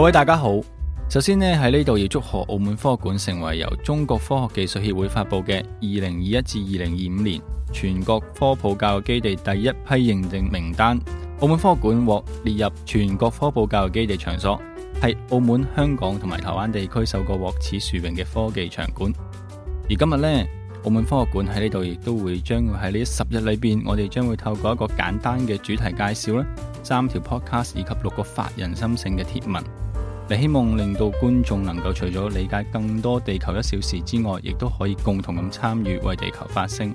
各位大家好，首先呢，喺呢度要祝賀澳門科學館成為由中國科學技術協會發佈嘅二零二一至二零二五年全國科普教育基地第一批認定名單。澳門科學館獲列入全國科普教育基地場所，係澳門、香港同埋台灣地區首個獲此殊榮嘅科技場館。而今日呢，澳門科學館喺呢度亦都會將會喺呢十日裏邊，我哋將會透過一個簡單嘅主題介紹啦，三條 podcast 以及六個發人深省嘅貼文。你希望令到觀眾能夠除咗理解更多地球一小時之外，亦都可以共同咁參與為地球發聲。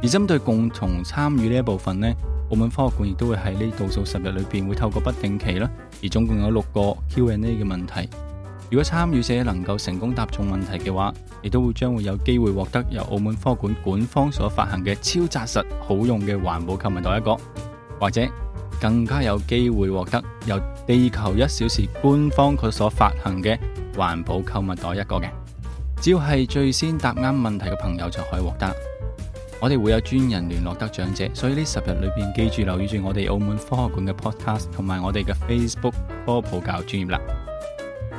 而針對共同參與呢一部分呢，澳門科學館亦都會喺呢度數十日裏邊，會透過不定期啦，而總共有六個 Q&A 嘅問題。如果參與者能夠成功答中問題嘅話，亦都會將會有機會獲得由澳門科學館官方所發行嘅超紮實好用嘅環保購物袋一個，或者。更加有機會獲得由地球一小時官方佢所發行嘅環保購物袋一個嘅，只要係最先答啱問題嘅朋友就可以獲得。我哋會有專人聯絡得獎者，所以呢十日裏邊記住留意住我哋澳門科學館嘅 podcast 同埋我哋嘅 Facebook 科普教育專業啦。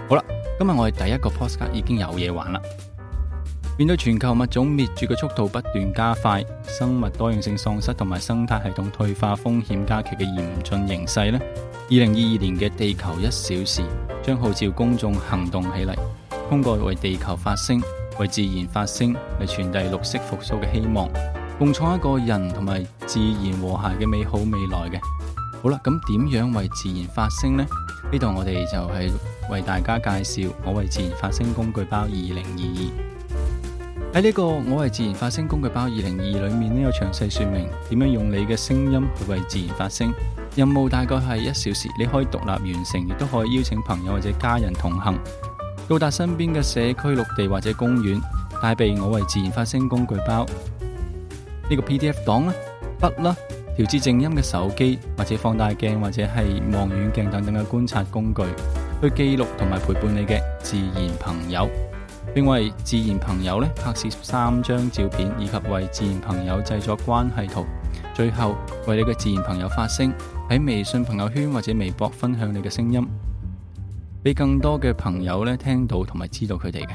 好啦，今日我哋第一個 podcast 已經有嘢玩啦。面對全球物種滅絕嘅速度不斷加快、生物多樣性喪失同埋生態系統退化風險加劇嘅嚴峻形勢呢，二零二二年嘅地球一小時將號召公眾行動起嚟，通過為地球發聲、為自然發聲，嚟傳遞綠色復甦嘅希望，共創一個人同埋自然和諧嘅美好未來嘅。好啦，咁點樣為自然發聲呢？呢度我哋就係為大家介紹我為自然發聲工具包二零二二。喺呢、呢個我為自然發聲工具包二零二裏面咧，有詳細說明點樣用你嘅聲音去為自然發聲。任務大概係一小時，你可以獨立完成，亦都可以邀請朋友或者家人同行。到達身邊嘅社區綠地或者公園，帶備我為自然發聲工具包、這個、呢個 PDF 檔啦、筆啦、調節靜音嘅手機或者放大鏡或者係望遠鏡等等嘅觀察工具，去記錄同埋陪伴你嘅自然朋友。並為自然朋友咧拍攝三張照片，以及為自然朋友製作關係圖。最後為你嘅自然朋友發聲，喺微信朋友圈或者微博分享你嘅聲音，俾更多嘅朋友咧聽到同埋知道佢哋嘅。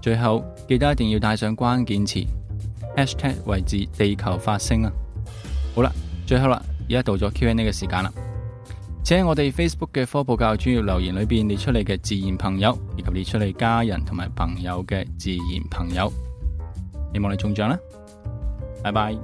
最後記得一定要帶上關鍵詞 hashtag，為咗地球發聲啊！好啦，最後啦，而家到咗 Q&A 嘅時間啦。請喺我哋 Facebook 嘅科普教育專業留言裏邊列出你嘅自然朋友，以及列出你家人同埋朋友嘅自然朋友，希望你中獎啦！拜拜。